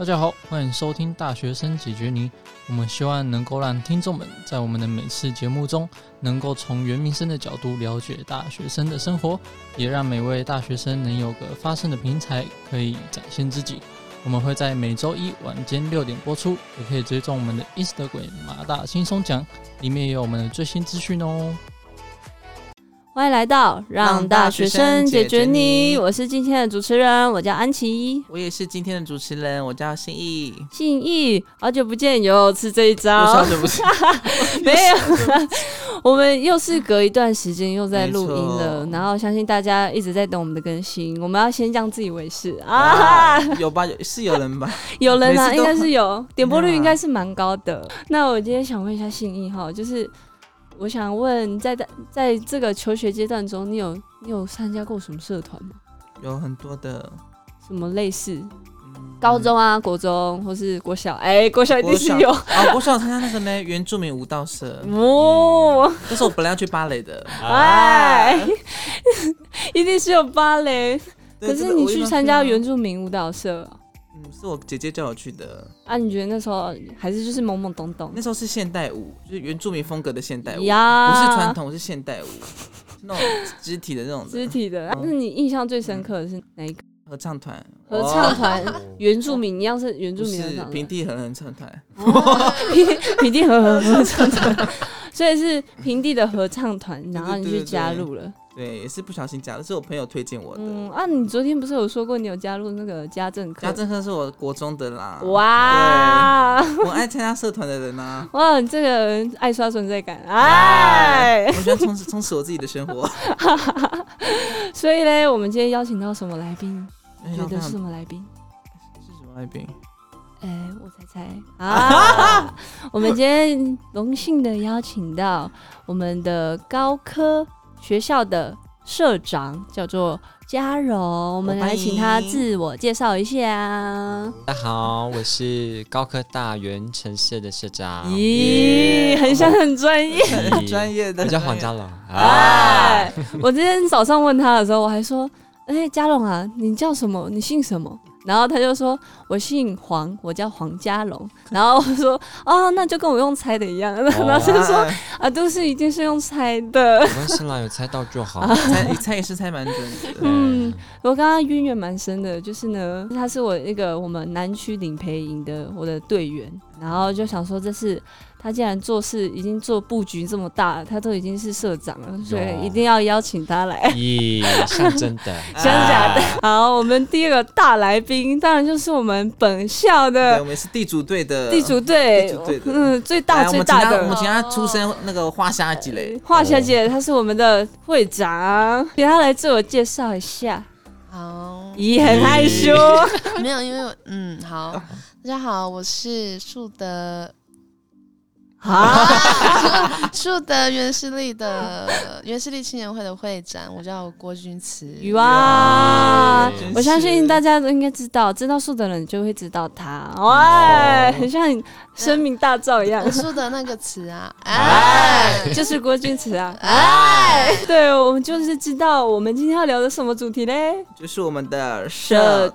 大家好，歡迎收聽《大學生解決您》。我們希望能夠讓聽眾們在我們的每次節目中，能夠從原民生的角度了解大學生的生活，也讓每位大學生能有個發聲的平台，可以展現自己。我們會在每周一晚間六點播出，也可以追蹤我們的 Instagram“ 馬大輕鬆講”，裡面也有我們的最新資訊哦。歡迎來到讓大，讓大學生解決你，我是今天的主持人，我叫安琪。我也是今天的主持人，我叫信義。信義，好久不見！有，有吃這一招？我想不 沒有， 我們又是隔一段時間又在錄音了。然後相信大家一直在等我們的更新。我們要先降自以為是 啊，有吧？有，是有人吧？ 有人啊，應該是有點播率，應該是蠻高的。那我今天想問一下信義哈，就是。我想問，在在在這個求學階段中，你有你有參加過什麼社團嗎？有很多的，什麼類似、嗯、高中啊、國中或是國小，哎、欸，國小一定是有啊！國小參加那個咩原住民舞蹈社哦，但、嗯、是我本來要去芭蕾的，啊、哎， 一定是有芭蕾，可是你去參加原住民舞蹈社。是我姐姐叫我去的啊！你覺得那時候還是就是懵懵懂懂？那時候是現代舞，就是原住民風格的現代舞，不是傳統，是現代舞， 是那種肢體的那種的肢體的。那、啊嗯、你印象最深刻的是哪一個？合唱團，合唱團，原住民，一樣是原住民， 是平地合唱團，平 平地合唱團， 所以是平地的合唱團， 然後你去加入了。對對對對對，也是不小心加的，是我朋友推薦我的。嗯啊，你昨天不是有說過你有加入那個家政科？家政科是我國中的啦。哇！我愛參加社團的人啊。哇，你這個人愛刷存在感啊！哎、我覺得充實充實我自己的生活。 所以呢，我們今天邀請到什麼來賓、欸？覺得是什麼來賓？是什麼來賓？哎、欸，我猜猜啊！ 我們今天榮幸的邀請到我們的高科。學校的社長叫做嘉榮，我們來請他自我介紹一下。 大家好，我是高科大原城市的社長。咦，很像很專業，很專業的，你、 嗯、叫黃嘉榮哎，啊、 我今天早上問他的時候，我還說：“哎、欸，嘉榮啊，你叫什麼？你姓什麼？”然後他就說：“我姓黃，我叫黃家龍。”然後我說：“哦、啊，那就跟我用猜的一樣。哦” 然後老師說：“啊，啊都是一定是用猜的。”沒關係啦，有猜到就好。啊、猜你猜也是猜蠻準的。嗯，嗯我剛剛淵源蠻深的，就是呢，他是我那個我們南區領培營的我的隊員。然後就想說，這是他既然做事已經做布局這麼大了，他都已經是社長了，所以一定要邀請他來。咦、yeah？真的？真 的假的、啊？好，我們第二個大來賓當然就是我們本校的地主隊，我們是地主隊的地主隊，嗯，最大最大的。我們他，請他出生那個華小姐嘞。華、哦、小姐，她是我們的會長，請他來自我介紹一下。好。咦？很害羞？嗯、 沒有，因為我嗯，好。啊大家好，我是樹德，啊，樹 德原勢力的原勢力青年會的會長，我叫郭君慈。哇，哇，我相信大家都應該知道，知道樹德的人就會知道他，哇、oh, oh.，很像。聲名大噪一樣，我說、哎、的那個詞啊， 哎，就是郭俊慈啊，哎，哎，對，我們就是知道我們今天要聊的什麼主題呢？就是我們的社團。社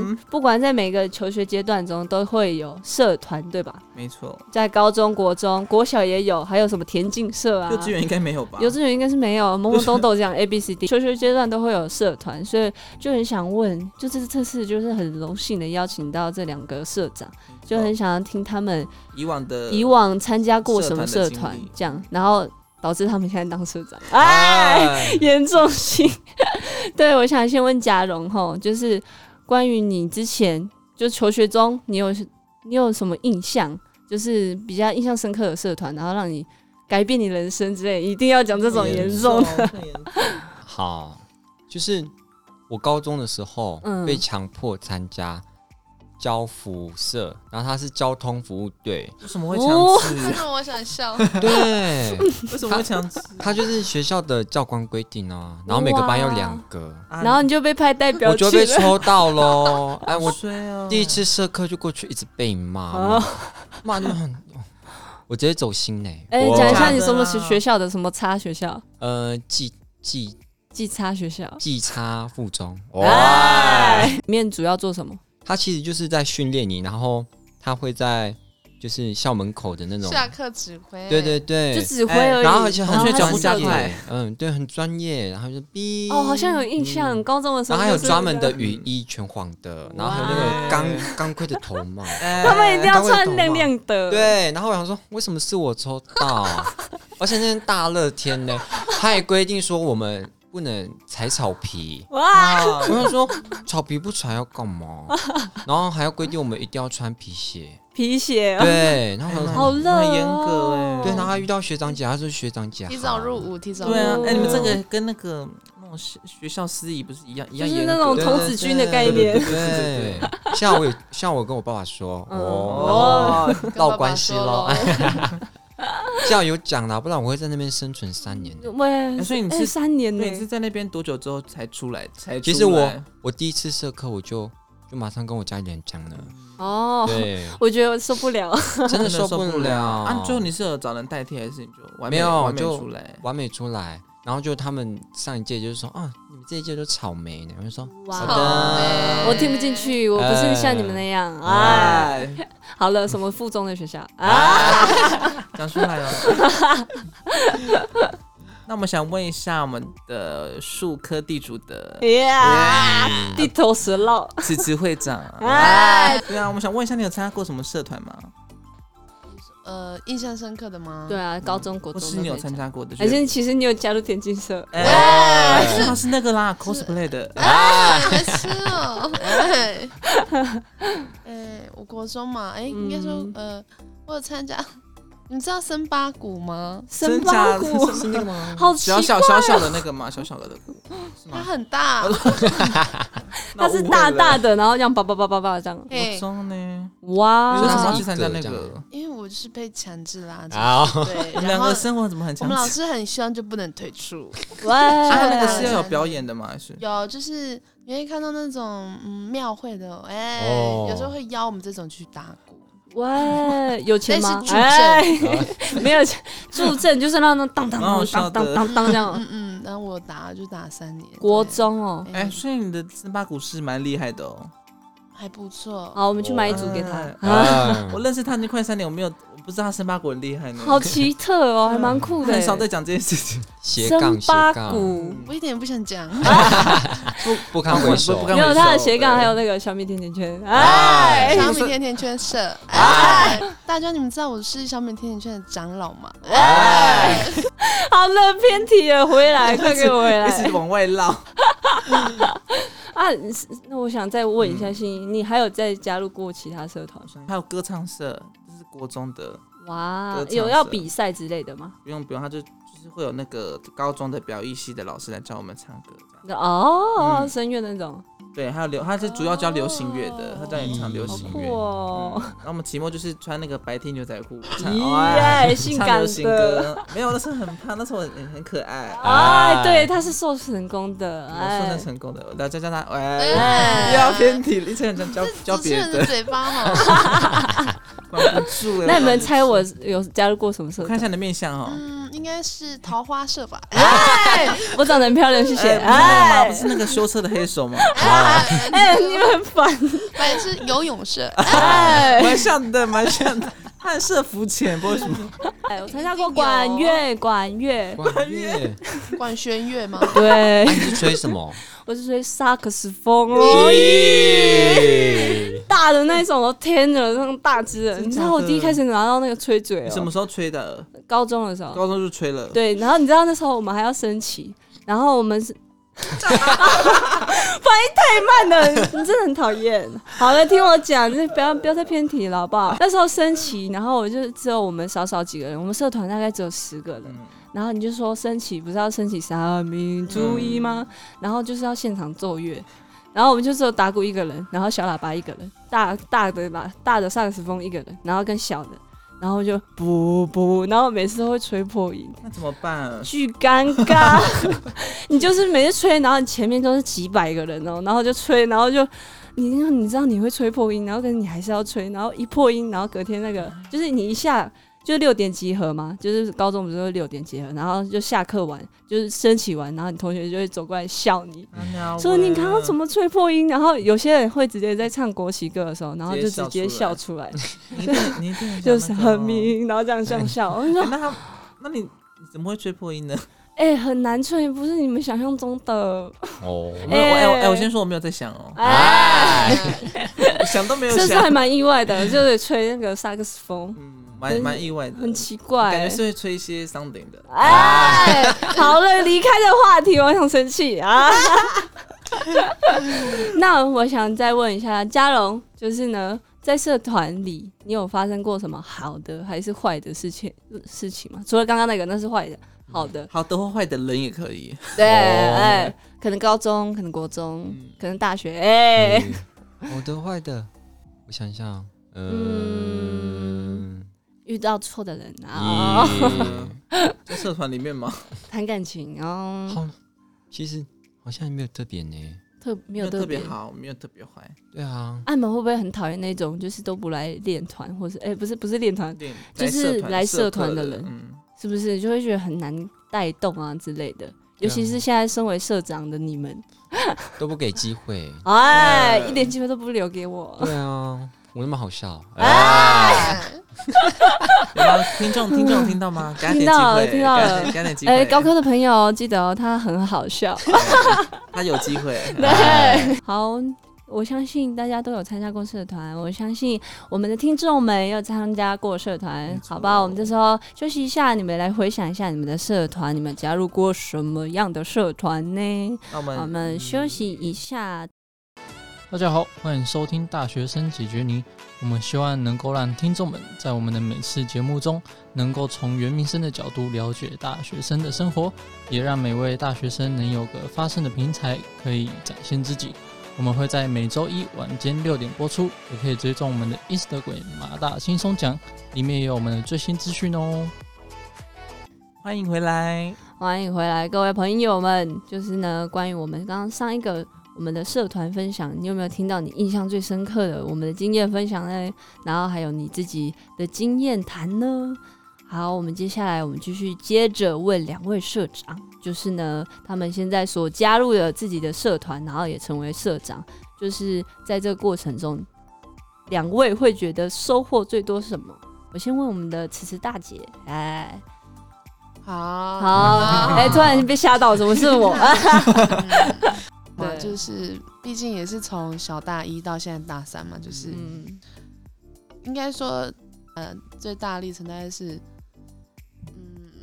團不管在每個求學階段中都會有社團，對吧？沒錯，在高中國中國小也有，還有什麼田徑社啊？幼稚園應該沒有吧？幼稚園應該是沒有，懵懵懂懂這樣、就是、A B C D，求學階段都會有社團，所以就很想問，就是、這次就是很榮幸的邀請到這兩個社長。就很想要聽他們以往的，以往參加過什麼社團這樣，然後導致他們現在當社長，哎，嚴重性。對，我想先問家榮齁，就是關於你之前就求學中，你有你有什麼印象，就是比較印象深刻的社團，然後讓你改變你人生之類，一定要講這種嚴重的嚴重嚴重。好，就是我高中的時候被強迫參加。嗯交服社，然後他是交通服務隊，為什麼會強制？為我想笑？對，為什麼會強制？他就是學校的教官規定哦、啊，然後每個班要兩個，然後你就被派代表，我就被抽到嘍。 哎，我第一次社課就過去，一直被罵，罵、哦，罵的很，我直接走心內、欸、哎，欸、講一下你什麼學校的什麼學、呃、差學校？呃，技紀紀差學校，技差附中。哇、哎，面主要做什麼？他其實就是在訓練你，然後他會在就是校門口的那種下課指揮、欸，對對對，就指揮而已。欸、然後而且很專業，嗯，對，很專業。然後就，哦，好像有印象，嗯、高中的時候，然後還有專門的雨衣全的、全黃的，然後還有那個鋼鋼盔的頭帽，他們一定要穿亮亮的、的。對，然後我想說，為什麼是我抽到？而且那天大熱天呢，他也規定說我們。不能踩草皮哇！啊，我就說，草皮不踩要幹嘛？ 然後還要規定我們一定要穿皮鞋，皮鞋對，好嚴，很嚴格哎。對，然後還、欸、哦、然後遇到學長姐，他、嗯、說學長姐提早入伍，提早入伍對啊。哎、嗯，你們這個跟那個那種學校司儀不是一樣一樣嚴？就是那種童子軍的概念。對，像 我像我跟我爸爸說哦、嗯，哦，關係了。 只要有獎拿，不然我會在那邊生存三年。喂、欸，所以你是，欸、三年，欸？你是在那邊多久之後才出來？才來其實我我第一次社課，我就就馬上跟我家人講了。哦、嗯，對，我覺得受不了，真的受不了。 不了啊，最後你是有找人代替還是你就完沒有就完美出來？完美出來。然後就他們上一屆就是說啊。這一屆都草莓呢，我就說，好、wow，的，我聽不進去，我不是像你們那樣哎，哎，好了，什麼附中的學校？講、哎哎、出來了 那我們想問一下我們的數科地主的，呀地頭蛇嘍，辭 職會長哎，哎，對啊，我們想問一下，你有參加過什麼社團嗎？呃，印象深刻的嗎？對啊，嗯、高中國中，或是你有參加過的？還是其實你有加入田徑社、欸欸欸？哦，欸哦欸、是那個啦，cosplay 的、欸。啊，沒是哦。哎、 欸 欸，我國中嘛，哎、欸嗯，應該說，呃，我有參加。你知道森巴鼓嗎？森巴鼓是，是那個嗎？好奇怪、啊、小，小，小，小小的那個嗎？小小的的鼓，它很大，哦、 它是大大的，然後這樣叭叭叭叭叭這樣。化妝呢？哇！你是去參加那個、啊？因為我就是被強制拉着、啊。對，哦、然後 們兩個生活怎麼很強制？ 我們老師很希望就不能退出。哇、啊！他那個是要有表演的嗎？還是有？就是你會看到那種嗯廟會的，誒、欸哦，有時候會邀我們這種去打。喂，有錢嗎？是哎，哦、 沒有，助陣就是那種當當當當當當這樣。嗯 嗯，然後、嗯、我打就打三年。國中哦，哎、欸，所以你的森巴鼓蠻厲害的哦，還不錯。好，我們去買一組給他。哦、啊,啊,啊，我認識他已經快三年，我沒有。不知道他森巴鼓很厲害呢，那個，好奇特哦，還蠻酷的，嗯。很少在講這件事情。斜槓森巴鼓，我一點也不想講，啊。不不堪回首。還有他的斜槓，還有那個小米甜甜圈。哎，哎小米甜甜圈社。哎，哎大家你們知道我是小米甜甜圈的長老嗎？哎，哎好了，偏題了，回來，快 給我回來，一直，一直往外繞，嗯。啊，那我想再問一下欣怡，嗯，你還有再加入過其他社團嗎？還有歌唱社。國中的哇，有要比賽之類的嗎？不用不用，他就就是會有那個高中的表演系的老師來教我們唱歌，哦，聲樂那種。對，還有流，他是主要教流行樂的，他教你唱流行樂。那、欸喔嗯、我們期末就是穿那個白 T 牛仔褲，歌、欸欸。性感唱流行歌沒有，那時候很胖，那時候很很可愛。哎、欸，對，他是瘦成功的，瘦、欸、成成功的。來再叫他，喂、欸，要偏體一車人教教別人。嘴巴嘛、喔。 管不住了。 那你們猜我有加入過什麼社？看一下你的面相哦。嗯，應該是桃花社吧。哎， 我長得很漂亮，謝謝哎。哎，不是那個修車的黑手嗎？哎，哎哎哎你，你們很煩。反正是游泳社。哎，蠻、哎、像的，蠻像的。 漢色浮潛，不知道什麼。哎、欸，我參加過管樂，管樂、哦，管樂，管弦樂嗎？對。你是吹什麼？我是吹薩克斯風哦，大的那種哦，天哪，那種大隻人。你知道我第一開始拿到那個吹嘴、哦，你什麼時候吹的？高中的時候。高中就吹了。對，然後你知道那時候我們還要升旗，然後我們是。 反應太慢了，你真的很討厭。好了，聽我講，你不要不要再偏題了，好不好？那時候升旗，然後我就只有我們少少幾個人，我們社團大概只有十個人。然後你就說升旗不是要升旗三民主義嗎？然後就是要現場奏樂，然後我們就只有打鼓一個人，然後小喇叭一個人，大大的吧？大的薩克斯風一個人，然後跟小的。然後就不不，然後每次都會吹破音，那怎麼辦啊？巨尷尬！ 你就是每次吹，然後你前面都是幾百個人哦，然後就吹，然後就你你知道你會吹破音，然後跟你還是要吹，然後一破音，然後隔天那個就是你一下。就六點集合嘛，就是高中不是六點集合，然後就下課完，就是升旗完，然後你同學就會走過來笑你，說、啊、你剛剛怎麼吹破音？然後有些人會直接在唱國旗歌的時候，然後就直接笑出來，那個、 就是很迷，然後這樣這樣笑。哎、我說、哎、那他，那你怎麼會吹破音呢？哎，很難吹，不是你們想象中的。哦、oh. 哎，哎哎哎，我先說我沒有在想哦。哎、ah! 想都沒有想。這次還蠻意外的，就是吹那個薩克斯風。 嗯蠻蠻意外的，很奇怪、欸，感覺是會吹一些桑頂的。哎，好了，離開的話題， 我想生氣啊。 那我想再問一下嘉榮，就是呢，在社團裡，你有發生過什麼好的還是壞的事情事情嗎？除了剛剛那個，那是壞的、嗯，好的，壞的，好的或壞的人也可以。對、哦，哎，可能高中，可能國中，嗯、可能大學。哎，好、嗯、的壞的，我想一下、呃，嗯。遇到錯的人啊、yeah， 在社團裡面嗎？談 感情哦。好，其實好像沒有特別呢、欸。特沒有特別好，沒有特別壞。對啊。艾、啊、萌會不會很討厭那種就是都不來練團，或是哎、欸、不是不是練團，就是來社團的人的、嗯，是不是就會覺得很難帶動啊之類的、啊？尤其是現在身為社長的你們， 都不給機會、欸， 哎，對對對對，一點機會都不留給我。對啊。我那麼好笑啊、哎哎！聽眾聽眾聽，聽到嗎？聽到了，聽到了，哎，高科的朋友記得、哦，他很好笑，哎、他有機會。對、哎，好，我相信大家都有參加過社團，我相信我們的聽眾們有參加過社團、嗯，好吧？嗯、我們就說休息一下，你們來回想一下你們的社團，你們加入過什麼樣的社團呢我們？我們休息一下。嗯大家好，歡迎收聽《大學生解決您》。我們希望能夠讓聽眾們在我們的每次節目中，能夠從原民生的角度了解大學生的生活，也讓每位大學生能有個發聲的平台，可以展現自己。我們會在每周一晚間六點播出，也可以追蹤我們的 Instagram“ 馬大輕鬆講”，裡面也有我們的最新資訊哦。歡迎回來，歡迎回來，各位朋友們，就是呢，關於我們剛剛上一個。我們的社團分享，你有沒有聽到？你印象最深刻的我們的經驗分享呢？然後還有你自己的經驗談呢？好，我們接下來我們繼續接着問兩位社長，就是呢，他們現在所加入的自己的社團，然後也成為社長，就是在這個過程中，兩位會覺得收穫最多什麼？我先問我們的遲遲大姐，哎，好好，哎、欸，突然被嚇到，怎麼是我？ 對，就是畢竟也是從小大一到現在大三嘛，就是、嗯、應該說，呃，最大的歷程大概是，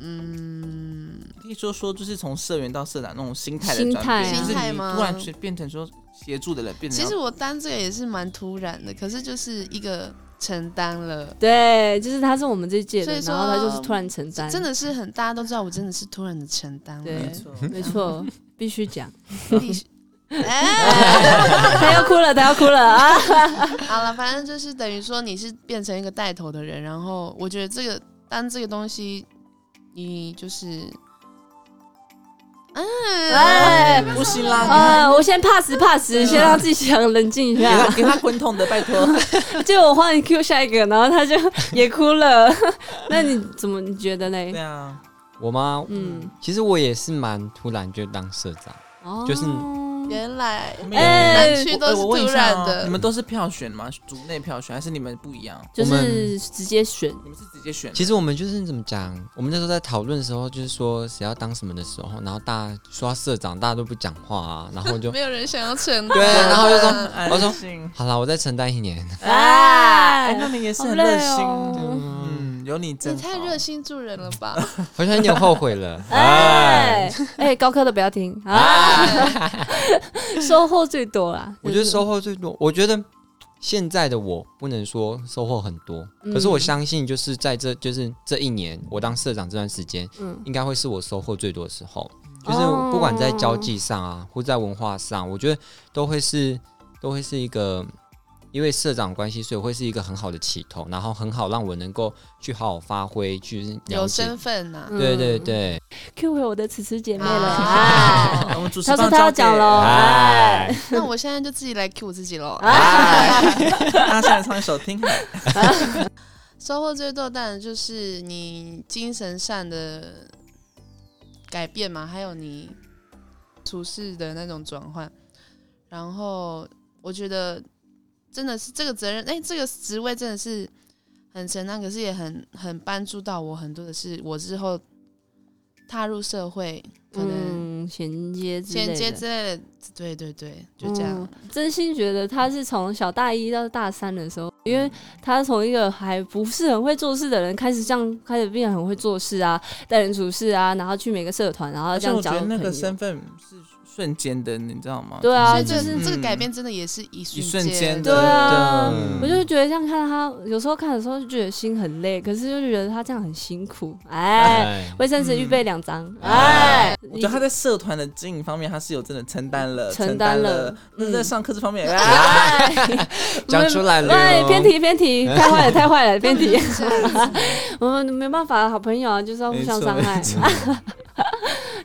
嗯嗯。可以說說，就是從社員到社長那種心態的轉變，心態、啊，心態嗎？突然就變成說協助的人，變成。其實我擔這個也是蠻突然的，可是就是一個承擔了。對，就是他是我們這屆的所以說，然後他就是突然承擔，真的是很大家都知道，我真的是突然的承擔了。對，沒錯， 必須須講講。 哎、欸， 他要哭了，他要哭了啊！ 好了，反正就是等於說你是變成一個帶頭的人，然後我覺得這個當這個東西，你就是、欸哦，哎，不行啦，嗯，呃、我先 pass pass，先讓自己想冷靜一下，給他滾筒的，拜托。 就我換 Q 下一個，然後他就也哭了， 那你怎麼你覺得呢？對啊，我嗎？嗯，其實我也是蠻突然就當社長。哦、就是原來南區都是的，欸啊，你們都是票選嗎？組內票選還是你們不一樣？就是直接選，你們是直接選。其實我們就是怎麼講，我們那時候在討論的時候，就是說誰要當什麼的時候，然後大家說社長，大家都不講話啊，然後就 沒有人想要承擔，啊，對，然後就說， 我說好了，我再承擔一年，哎，那，哎，你也是很熱心的。有你，你太熱心助人了吧？ 好像有點後悔了。 哎哎，高科的不要聽。哎、 收穫最多啦、就是。我覺得收穫最多。我覺得現在的我不能說收穫很多、嗯，可是我相信，就是在這，就是這一年我當社長這段時間，嗯，應該會是我收穫最多的時候、嗯。就是不管在交際上啊，嗯、或在文化上，我覺得都會是都會是一個。因為社長關係，所以會是一個很好的起頭，然後很好讓我能夠去好好發揮，去有身份吶、啊。對對對，Q 回、嗯、我的此次姐妹了。哎、啊啊啊啊，我主持他說他要講嘍。哎、啊啊啊啊，那我現在就自己來 Q 我自己嘍。啊，大、啊、家 現在唱一首聽。啊 啊、收穫最多當然就是你精神上的改變嘛，還有你處事的那種轉換。然後我覺得。真的是這個責任，哎、欸，這個職位真的是很承擔，可是也很很幫助到我很多的事。我之後踏入社會，可能銜接、嗯、銜接之類的，對對對，就這樣。嗯、真心覺得他是從小大一到大三的時候，因為他從一個還不是很會做事的人開始，這樣開始變得很會做事啊，待人處事啊，然後去每個社團，然後這樣講、啊、那個身份。瞬間的，你知道嗎？對啊，就、嗯、是、嗯、這個改編真的也是一瞬間的。對啊，對嗯、我就覺得像看他，有時候看的時候就覺得心很累，可是就覺得他這樣很辛苦。哎，衛生紙預、嗯、備兩張。哎，我覺得他在社團的經營方面，他是有真的承擔了，承擔了。那在上課這方面，講、嗯、出來了、哦，偏題偏題，太壞了太壞了偏題。我們 沒辦法，好朋友啊，就是要互相傷害。 沒錯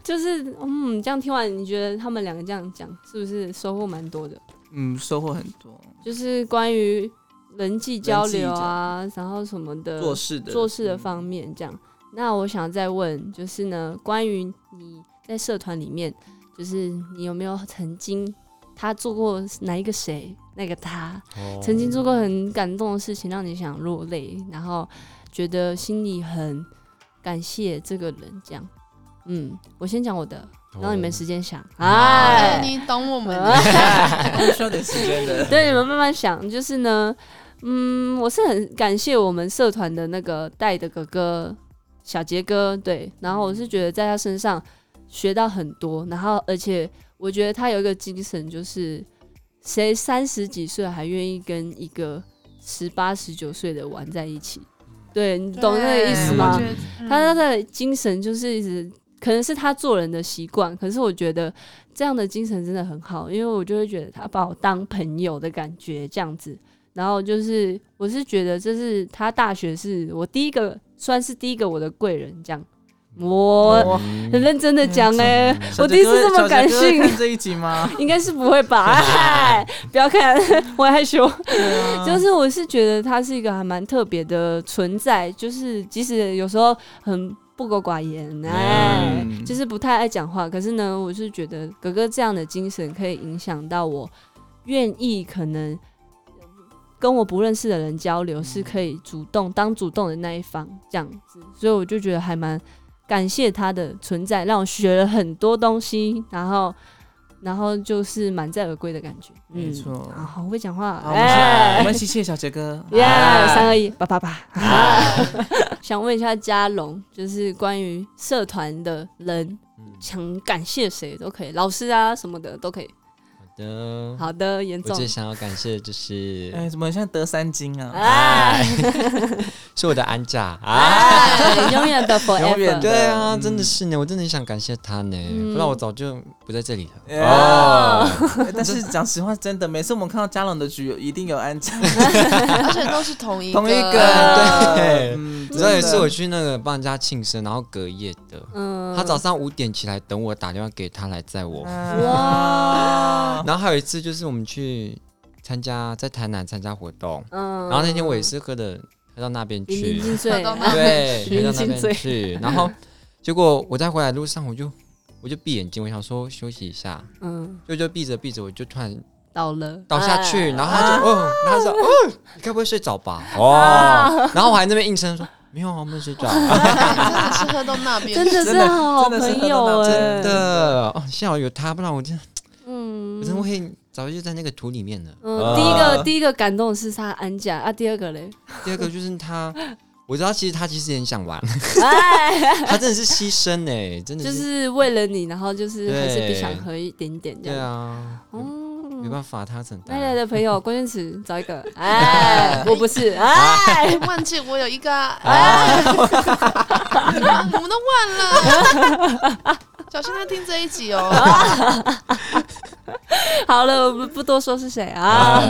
就是嗯，這樣聽完，你覺得他們兩個這樣講是不是收穫蠻多的？嗯，收穫很多，就是關於人際交流啊，然後什麼的做事的做事的方面這樣。嗯、那我想再問，就是呢，關於你在社團裡面，就是你有沒有曾經他做過哪一個誰那個他、哦、曾經做過很感動的事情，讓你想落淚，然後覺得心裡很感謝這個人這樣。嗯，我先講我的，然後你們時間想、Oh. 哎。哎，你懂我們， 對，你們慢慢想。就是呢，嗯，我是很感謝我們社團的那個帶的哥哥小杰哥，對。然後我是覺得在他身上學到很多，然後而且我覺得他有一個精神，就是誰三十幾歲還願意跟一個十八十九歲的玩在一起？對，你懂那個意思嗎？嗯、他，他的精神就是一直。可能是他做人的習慣，可是我覺得這樣的精神真的很好，因為我就會覺得他把我當朋友的感覺這樣子，然後就是我是覺得這是他大學，是我第一個算是第一個我的貴人，這樣，我很認真的講哎、欸嗯，我第一次、嗯、這麼感性，會看這一集嗎？應該是不會吧， 不要看我還害羞、啊，就是我是覺得他是一個還蠻特別的存在，就是即使有時候很。不苟寡言，哎，yeah. 就是不太愛講話。可是呢，我是覺得哥哥這樣的精神可以影響到我，願意可能跟我不認識的人交流，是可以主動、嗯、當主動的那一方這樣子。所以我就覺得還蠻感謝他的存在，讓我學了很多東西。然後。然後就是滿載而歸的感覺，嗯、沒錯。啊，好會講話，好我們、哎、沒關係，謝謝小杰哥，耶、哎，三二一，八八八。哎、 想問一下嘉龍，就是關於社團的人，嗯、想感謝誰都可以，老師啊什麼的都可以。嗯，好的，嚴總，我最想要感謝的就是，哎、欸，怎麼像得三金啊？哎，是我的安家啊，哎哎、永遠的 f o、嗯、對啊，真的是呢，我真的很想感謝他呢、嗯，不然我早就不在這裡了。哦、嗯 oh 欸，但是講實話，真的，每次我們看到嘉龍的局，一定有安家， 而且都是同一個，同一個。啊、對、嗯、所以我也是我去那個幫人家慶生，然後隔夜的，嗯，他早上五點起來等我打電話給他來載我，啊、 哇。 然後還有一次就是我們去參加在台南參加活動，嗯，然後那天我也是喝的，喝到那邊去，嗯、對、嗯，喝到那邊去。喝到那邊去，嗯、然後結果我在回來路上，我就我就閉眼睛，我想說休息一下，嗯，就就閉着閉着，我就突然倒了，倒下去，哎、然後他就嗯，他說嗯，你該不會睡着吧？哦、啊，然後我還在那邊硬撐說、啊、沒有啊，我沒睡着，真的是喝到那邊，真的，真的是真的好，好朋友哎、欸，真的哦，幸好有他，不然我真的。嗯，我真的會早就在那個土裡面了。嗯，第一個、呃、第一個感動的是他安家啊，第二個嘞，第二個就是他， 我知道其實他其實也很想玩，哎、 他真的是犧牲哎、欸，真的，就是為了你，然後就是還是不想喝一點點，對啊、哦，沒辦法他整，他怎？外來的朋友關鍵詞找一個，哎， 我不是，哎，忘記我有一個，哎，我們都忘了。小心在聽這一集哦。 好了，我們不多說是誰啊？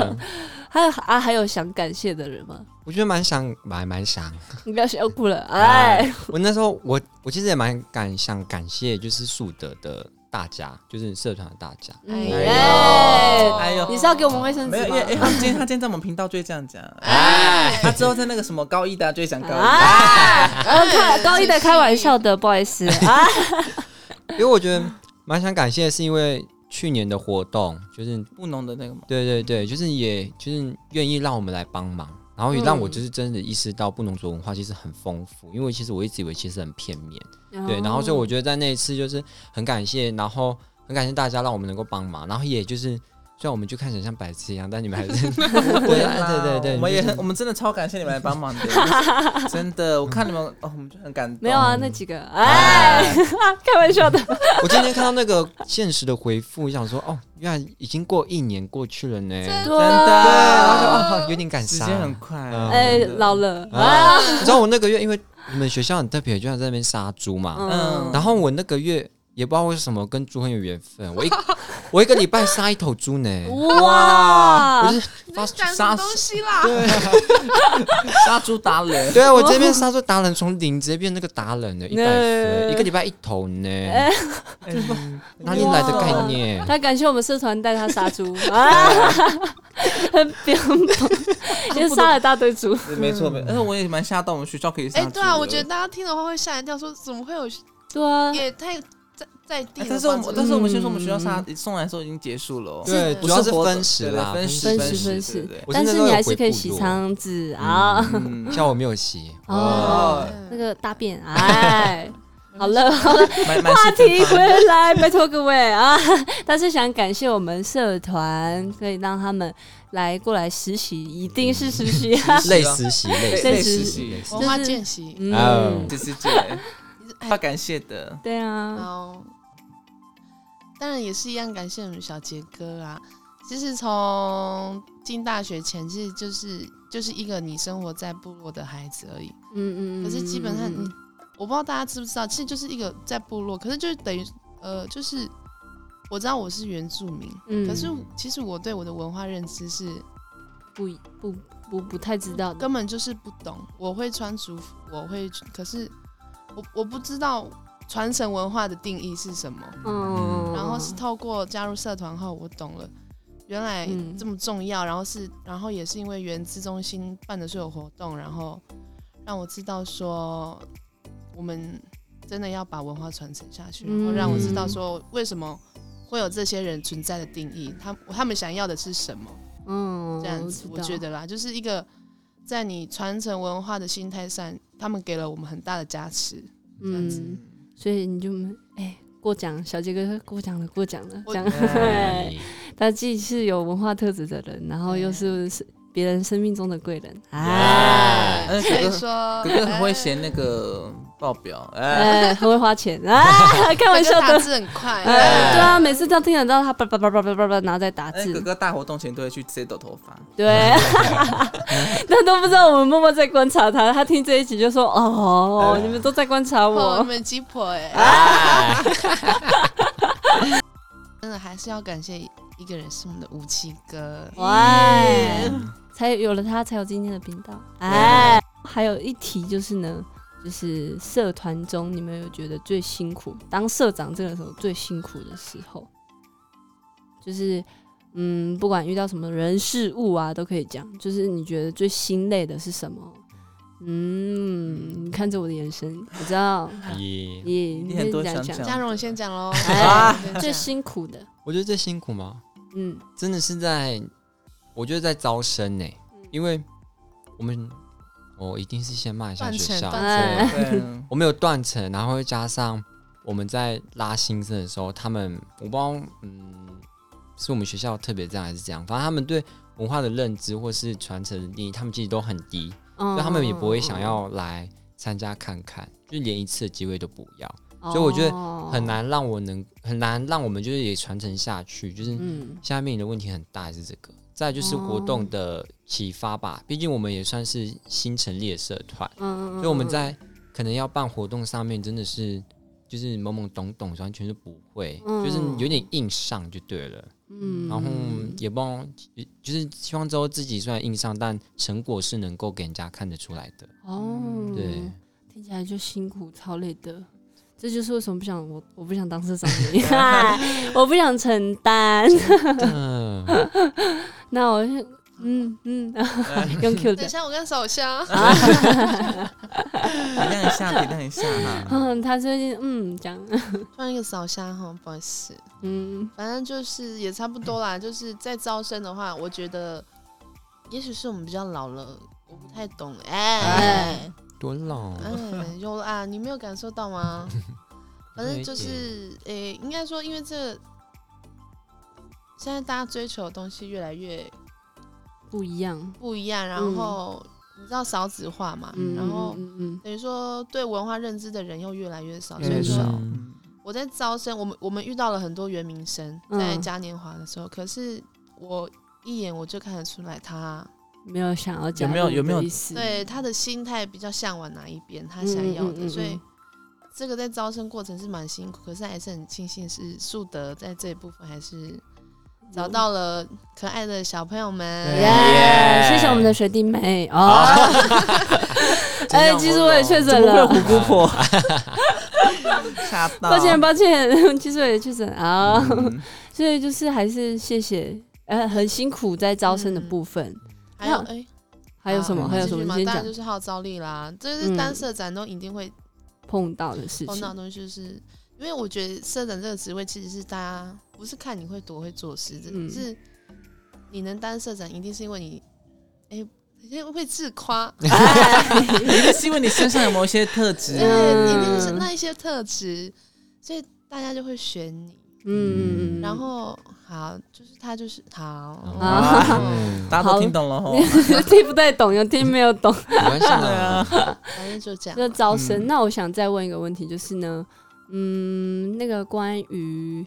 還、嗯、有啊，還有想感謝的人嗎？我覺得蠻想，蠻蠻想。你不要笑哭了，哎！我那時候，我我其實也蠻感想感謝，就是樹德的大家，就是社團的大家哎。哎呦，哎呦，你是要給我們衛生紙？沒有，因為他今天他今天在我們頻道就會這樣講，哎，他之後在那個什麼高一的最想高一，哎哎哎啊，看高一的開玩笑的，不好意思。哎哎啊因為我覺得蠻想感謝，是因為去年的活動，就是布農的那個，對對對，就是也就是願意讓我們來幫忙，然後也讓我就是真的意識到布農族文化其實很豐富，因為其實我一直以為其實很片面，對，然後所以我覺得在那一次就是很感謝，然後很感謝大家讓我們能夠幫忙，然後也就是。這樣我們就看起來像白痴一樣，但你們還是、 啊、對對對對，我們也很，我們真的超感謝你們來幫忙的， 真的。我看你們、嗯、哦，我們就很感動，沒、嗯、有、嗯嗯、啊，那幾個哎，開玩、嗯、笑的。我今天看到那個現實的回復，我想說哦，原來已經過一年過去了呢，真的。對，我說哦，有點感傷，時間很快啊，啊、嗯，哎，老了哇。你、嗯啊嗯、知道我那個月，因為你們學校很特別，就在那邊殺豬嘛，嗯。然後我那個月也不知道為什麼跟豬很有緣分，我一。我一個禮拜殺一頭豬呢！哇，不是殺殺東西啦，對，殺豬達人。對啊， 對我這邊殺豬達人從零直接變那個達人呢、欸，一百是、欸、一個禮拜一頭呢。哪、欸、裡、嗯欸、來的概念？他感謝我們社團帶他殺豬啊！哈哈，也殺了大堆豬，啊 嗯、沒錯沒錯。但、呃、是我也蠻嚇到，我們學校可以殺。哎、欸，對啊，我覺得大家聽的話會嚇一跳，說怎麼會有？對啊，也太。欸、但是我們、嗯、但是我們先說，我們學校他送來的時候已經結束了，哦。對，主要是分時啦，分時分時。分時分時對對對，但是你還是可以洗腸子啊。像、嗯嗯嗯、我沒有洗哦對對對對。那個大便， 哎，好了好了。話題回來， 拜托各位啊。但是想感謝我們社團，可以讓他們來過來實習，一定是實習啊，累實習累累實習，文化、就是、見習啊、嗯，這是對、哎、要感謝的。對啊。對啊當然也是一樣，感謝我們小杰哥啊。其實從進大學前，其實就是就是一個你生活在部落的孩子而已。嗯嗯，可是基本上，你、嗯、我不知道大家知不知道，其實就是一個在部落，可是就是等於呃，就是我知道我是原住民、嗯，可是其實我對我的文化認知是不不不不太知道的，根本就是不懂。我會穿族服，我會，可是我我不知道。傳承文化的定義是什麼？嗯，然後是透過加入社團後，我懂了，原來這麼重要。嗯、然後是，然後也是因為原資中心辦的所有活動，然後讓我知道說，我們真的要把文化傳承下去。然、嗯、後讓我知道說，為什麼會有這些人存在的定義，他他們想要的是什麼？嗯，這樣子我，我覺得啦，就是一個在你傳承文化的心態上，他們給了我們很大的加持。這樣子，嗯。所以你就哎、欸、過獎，小杰哥過獎了，過獎了，講，yeah. 他既是有文化特質的人，然後又是別人生命中的貴人，哎、yeah. yeah. yeah. 啊，哥哥說，哥哥很會寫那個。報表哎，他、欸欸、會，會花錢哎，啊、 開玩笑的，打字很快、啊欸欸，對啊，每次都聽得到他叭叭叭叭叭叭然後再打字。欸。哥哥大活動前都會去遮抖頭髮，對，那 都不知道我們默默在觀察他，他聽這一集就說哦、欸，你們都在觀察我，我、哦、們雞婆哎、欸，啊、 真的還是要感謝一個人，是我們的武器哥哇，yeah. Yeah. 才有了他才有今天的頻道。哎、啊，yeah. 還有一題就是呢。就是社團中，你們有覺得最辛苦？當社長這個時候最辛苦的時候，就是嗯，不管遇到什麼人事物啊，都可以講。就是你覺得最心累的是什麼？嗯，你、嗯、看着我的眼神，我知道。耶、yeah, 耶 Yeah, Yeah，你先講講，嘉榮先講嘍。 hey, 最辛苦的，我覺得最辛苦嗎？嗯，真的是在，我覺得在招生呢、欸嗯，因為我們。我一定是先罵一下學校，對，對 我沒有斷層，然後加上我們在拉新生的時候，他們我不知道，嗯，是我們學校特別這樣還是這樣，反正他們對文化的認知或是傳承的定義，他們其實都很低，嗯，所以他們也不會想要來參加看看，嗯，就連一次的機會都不要。所以我覺得很難讓我能、oh. 很難讓我們就是也傳承下去，就是下面的問題很大，是這個。嗯、再來就是活動的啟發吧，畢、oh. 竟我們也算是新成立的社團，oh. 所以我們在可能要辦活動上面真的是就是懵懵懂懂，完全是不會，oh. 就是有點硬上就對了。嗯、oh. 然後也不就是希望之後自己雖然硬上，但成果是能夠給人家看得出來的。哦、oh. 對，聽起來就辛苦超累的。這就是為什麼不想我，我不想當社長， 我不想承擔 真的。 那我嗯嗯，嗯 用 Q。等一下，我跟小香。 體諒一下，體諒一下哈。 嗯，他最近嗯講，樣，換一個小香哈，不好意思。嗯，反正就是也差不多啦。就是在招生的話、嗯，我覺得也許是我們比較老了，嗯、我不太懂哎。欸嗯 多老？嗯、哎，有啊，你沒有感受到嗎？ 反正就是，誒、哎，應該說，因為這現在大家追求的東西越來越不一樣，不一樣。然後、嗯、你知道少子化嘛？嗯、然後、嗯嗯嗯、等於說對文化認知的人又越來越少。所以說，我在招生，我們我們遇到了很多原民生在嘉年華的時候、嗯，可是我一眼我就看得出來他。沒有想要講的有有，有沒有有沒有？意思？對他的心態比較向往哪一邊，他想要的，嗯嗯嗯、所以這個在招生過程是蠻辛苦，可是還是很慶幸是樹德在這一部分還是找到了可愛的小朋友們。耶、yeah!！Yeah! 謝謝我們的學弟妹、啊、哦。哎、啊 欸，其實我也確診了，虎姑婆。抱歉，抱歉，其實我也確診啊、嗯。所以就是還是謝謝，呃，很辛苦在招生的部分。嗯還有哎、欸，還有什麼？啊、還有什麼、嗯、當然就是號召力啦，這、嗯，就是當社長都一定會碰到的事情。碰到的東西就是因為我覺得社長這個職位其實是大家不是看你會多會做事，的、嗯，是你能當社長一定是因為你哎、欸、會自誇，一 因為你身上有某些特質，對、嗯欸，一定就是那一些特質，所以大家就會選你。嗯,嗯，然後好，就是他就是好、啊嗯，大家都聽懂了吼，你聽不太懂 有聽沒有懂，反正就這樣。 那招生，那我想再問一個問題，就是呢，嗯，那個關於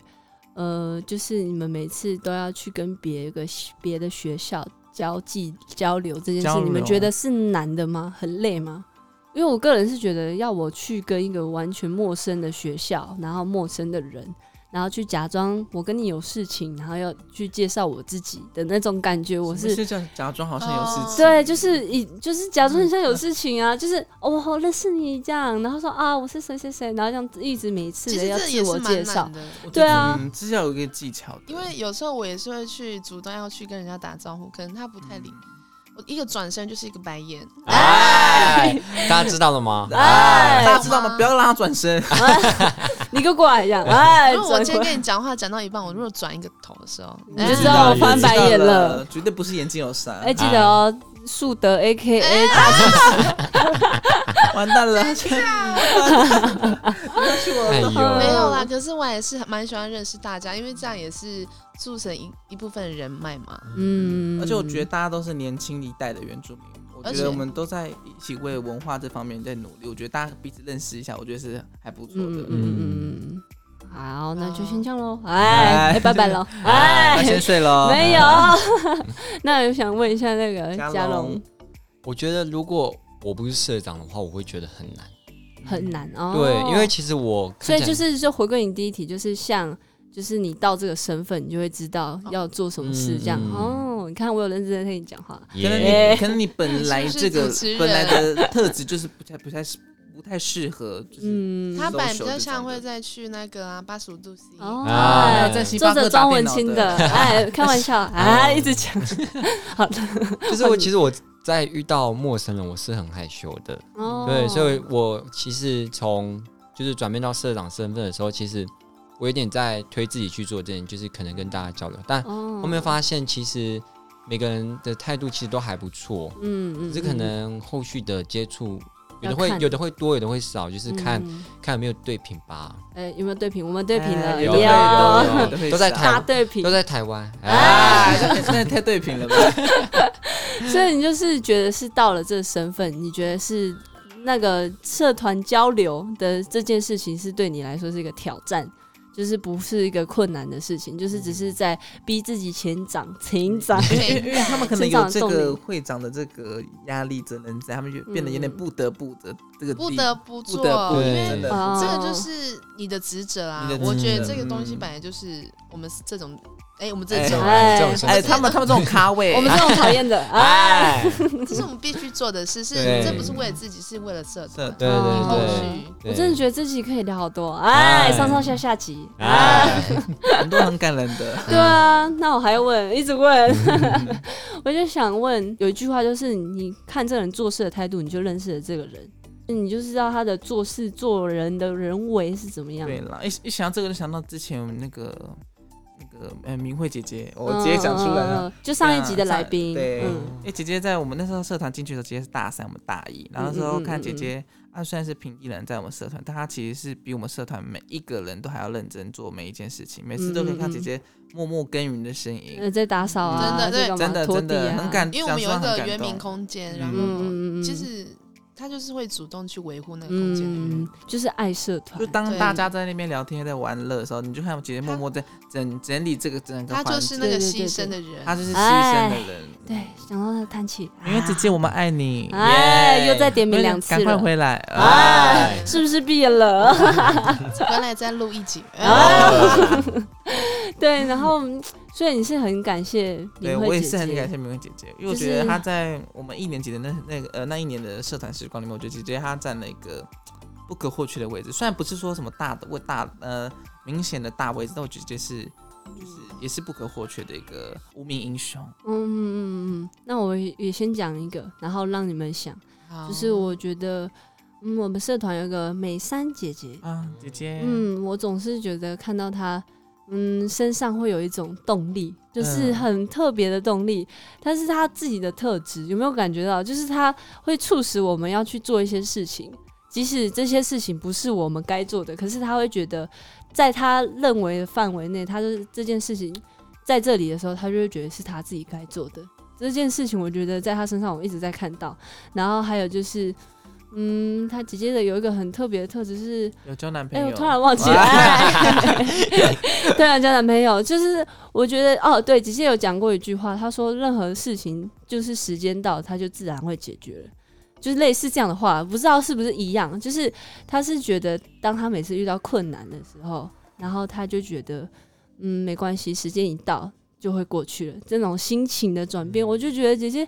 呃，就是你們每次都要去跟別個別的學校交際交流這件事，你們覺得是難的嗎？很累嗎？因為我個人是覺得要我去跟一個完全陌生的學校，然後陌生的人。然後去假裝我跟你有事情，然後要去介紹我自己的那種感覺，我是是這樣，假裝好像有事情，對，就是一就是假裝很像有事情啊，嗯、就是哦，好認識你這樣，然後說啊我是誰誰誰，然後這樣一直每次的要自我介紹，是對啊，至少有個技巧。因為有時候我也是會去主動要去跟人家打招呼，可能他不太理，嗯。我一個轉身就是一個白眼，哎，大、哎、家知道了嗎？哎，大家知道嗎？哎、，道嗎不要讓他轉身，哎、你個怪呀！哎，如果我今天跟你講話講到一半，我如果轉一個頭的時候，你、哎、就知道我翻白眼了，了，了，絕對不是眼睛有閃。哎，記得哦，哎、素德 AKA，完蛋了，沒有啦。可是我也是蠻喜歡認識大家，因為這樣也是。住成一一部分人脈嘛，嗯，而且我覺得大家都是年輕一代的原住民，我覺得我們都在一起為文化這方面在努力，我覺得大家彼此認識一下，我覺得是還不錯的，嗯嗯好嗯，那就先這樣嘍，哎，拜拜嘍，哎、欸啊，先睡嘍。沒有， 那我想問一下那個嘉龍，我覺得如果我不是社長的話，我會覺得很難，很難哦。對，因為其實我，所以就是說回歸你第一題，就是像。就是你到這個身份，你就會知道要做什麼事，這樣哦，嗯嗯哦。你看我有認真在聽你講話。可能你可能你本來這個 是是本來的特質就是不太不太適不太適合。嗯，他們比較像會再去那個八十五度 C 哦、嗯，在星巴克裝文青的，哎，開玩笑，哎、 啊，一直講。 好的，就是我 其實我在遇到陌生人，我是很害羞的，哦、對，所以我其實從就是轉變到社長身份的時候，其實。我有點在推自己去做這件事，就是可能跟大家交流，但後面發現其實每個人的態度其實都還不錯，嗯嗯。嗯，只是可能後續的接觸，有的會有的會多，有的會少，就是看、嗯、看有沒有對頻吧。哎、欸，有沒有對頻？我們對頻的、欸、有，有，有，有，有，有，有，有，都在台灣都在台灣啊！那、欸欸欸、太對頻了，吧？ 所以你就是覺得是到了這個身份，你覺得是那個社團交流的這件事情是對你來說是一個挑戰？就是不是一個困難的事情，就是只是在逼自己前長、前、嗯、長， 因為他們可能有這個會長的這個壓力責任，在他們就變得有點不得不的。這個、不得不做、不得不，因為這個就是你的職責啊！我覺得這個東西本來就是我們這種，哎，我們、欸、這種，哎，他們他們這種咖位、欸，我們這種討厭的、欸，哎，哎，這是我們必須做的事是，這不是為了自己，是為了社的，對對對，對。我真的覺得自己可以聊好多，哎，上上下下集，哎，很多很感人的、嗯。對啊，那我還要問，一直問、嗯，我就想問，有一句話就是，你看這人做事的態度，你就認識了這個人。你就是知道他的做事做人的人為是怎麼樣的。對了，一一想到這個就想到之前我們那個那個呃、欸、明慧姐姐，我直接講出來了、嗯嗯嗯嗯，就上一集的來賓。對，哎、嗯欸，姐姐在我們那時候社團進去的時候，直接是大三，我們大一。然後那時候看姐姐她、嗯嗯嗯啊、雖然是平地人，在我們社團，但她其實是比我們社團每一個人都還要認真做每一件事情，每次都可以看姐姐默默耕耘的身影、嗯嗯嗯。在打掃啊，真的真的對真的、啊、真的很感很感動，因為我們有一個原民空間，然後就是。嗯嗯嗯嗯他就是會主動去維護那個空間、嗯、就是愛社團。就當大家在那邊聊天、在玩樂的時候，你就看姐姐默默在整整理這個整個環境。他就是那個犧牲的人，他就是犧牲的人。對，對，對，對，想到他嘆氣、哎啊，因為姐姐我們愛你。耶、哎 yeah！又再點名兩次，趕快回來！哎、是不是畢業了？回 來在錄一集。啊！ 對，然後。所以你是很感謝明慧姐姐？對，我也是很感謝明慧姐姐，就是，因為我覺得她在我們一年級的那那個呃那一年的社團時光裡面，我覺得姐姐她佔了一個不可或缺的位置。雖然不是說什麼大的位大，大呃明顯的大位置，但我覺得是就是也是不可或缺的一個無名英雄。嗯嗯嗯，那我也先講一個，然後讓你們想，就是我覺得嗯我們社團有個美三姐姐啊姐姐，嗯我總是覺得看到她。嗯，身上會有一種動力，就是很特別的動力，嗯。但是他自己的特質有沒有感覺到？就是他會促使我們要去做一些事情，即使這些事情不是我們該做的，可是他會覺得，在他認為的範圍內，他這這件事情在這裡的時候，他就會覺得是他自己該做的。這件事情我覺得在他身上，我一直在看到。然後還有就是。嗯，他姐姐的有一個很特別的特質是有交男朋友，哎、欸，我突然忘記了，突然交男朋友，就是我覺得哦，對，姐姐有講過一句話，她說任何事情就是時間到，她就自然會解決了，就是類似這樣的話，不知道是不是一樣，就是她是覺得，當她每次遇到困難的時候，然後她就覺得嗯，沒關係，時間一到就會過去了，這種心情的轉變，嗯、我就覺得姐姐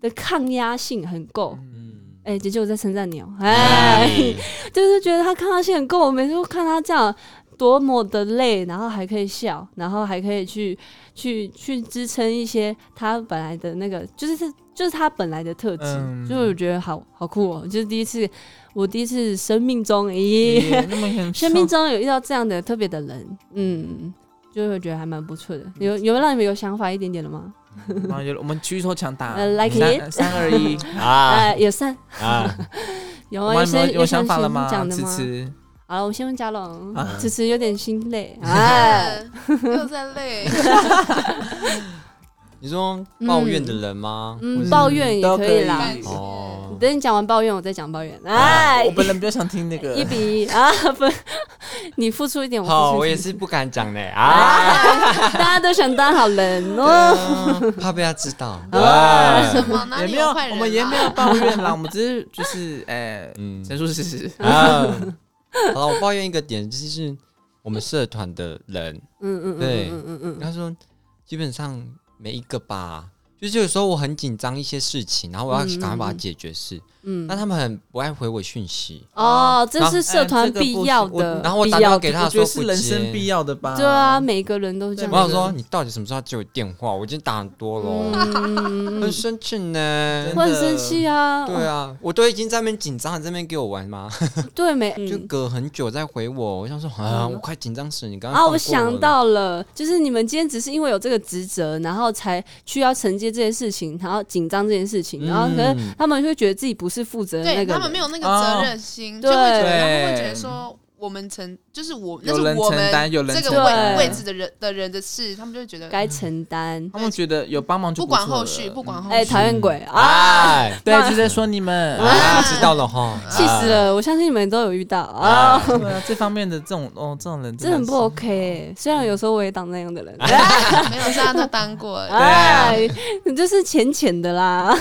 的抗壓性很夠。嗯哎、欸，姐姐，我在稱讚你哦。Hi. 哎，就是覺得他抗壓性很夠，我每次都看他這樣多麼的累，然後還可以笑，然後還可以去去去支撐一些他本來的那個，就是就是他本來的特質、嗯。就是我覺得好好酷哦，就是第一次，我第一次生命中咦，哎嗯、 生命中有遇到這樣的特別的人，嗯，就會覺得還蠻不錯的。有有讓你們有想法一點點的嗎？有， 我們舉手搶答。三、uh, like、二、一，啊，有三啊。有，有想法了嗎？三，遲，好了，我先問嘉龍。遲遲有點心累啊，又、uh. 在 再累。 你說抱怨的人嗎？ 嗯，抱怨也可以啦。等你講完抱怨，我再講抱怨，啊。哎，我本人比較想聽那個一比一啊，不，你付出一點，我付出一點。我也是不敢講的啊。大家都想當好人哦、嗯，怕被他知道啊，啊，什麼啊，啊？也沒有，我們也沒有抱怨啦，我們只是就是哎，陳述事實啊。好了，我抱怨一個點就是我們社團的人，嗯嗯嗯，對嗯嗯嗯嗯，他說基本上每一個吧。就是有時候我很緊張一些事情，然後我要趕快把它解決是。嗯嗯嗯嗯，那他們很不愛回我訊息哦，這是社團必要的、啊欸這個。然後我打電話給他的說的是人生必要的吧？對啊，每個人都這樣。我想說，你到底什麼時候要接我電話？我已經打很多咯、嗯，很生氣呢，我很生氣啊！對啊，啊，我都已經在那邊緊張了，在那邊給我玩嗎？對，沒、嗯、就隔很久再回我。我想說啊、嗯，我快緊張死！你剛剛啊，我想到了，就是你們今天只是因為有這個職責，然後才需要承接這件事情，然後緊張這件事情，然後可能他們會覺得自己不是。是負責，對他們沒有那個責任心，oh, 就會覺得他們會覺得說。我們承就是我，有人承擔，有人承這個位位置的人的人的事，他們就覺得該承擔。他們覺得有幫忙不，做不管後續，不管後續哎，討、欸、厭鬼啊！對，就在說你們、啊啊、知道了哈，氣死了、啊！我相信你們都有遇到啊，啊，啊。對啊，這方面的這種哦，這種人真的很不 OK、欸。雖然有時候我也當那樣的人， 沒有，上他當過。哎 、啊，你就是淺淺的啦，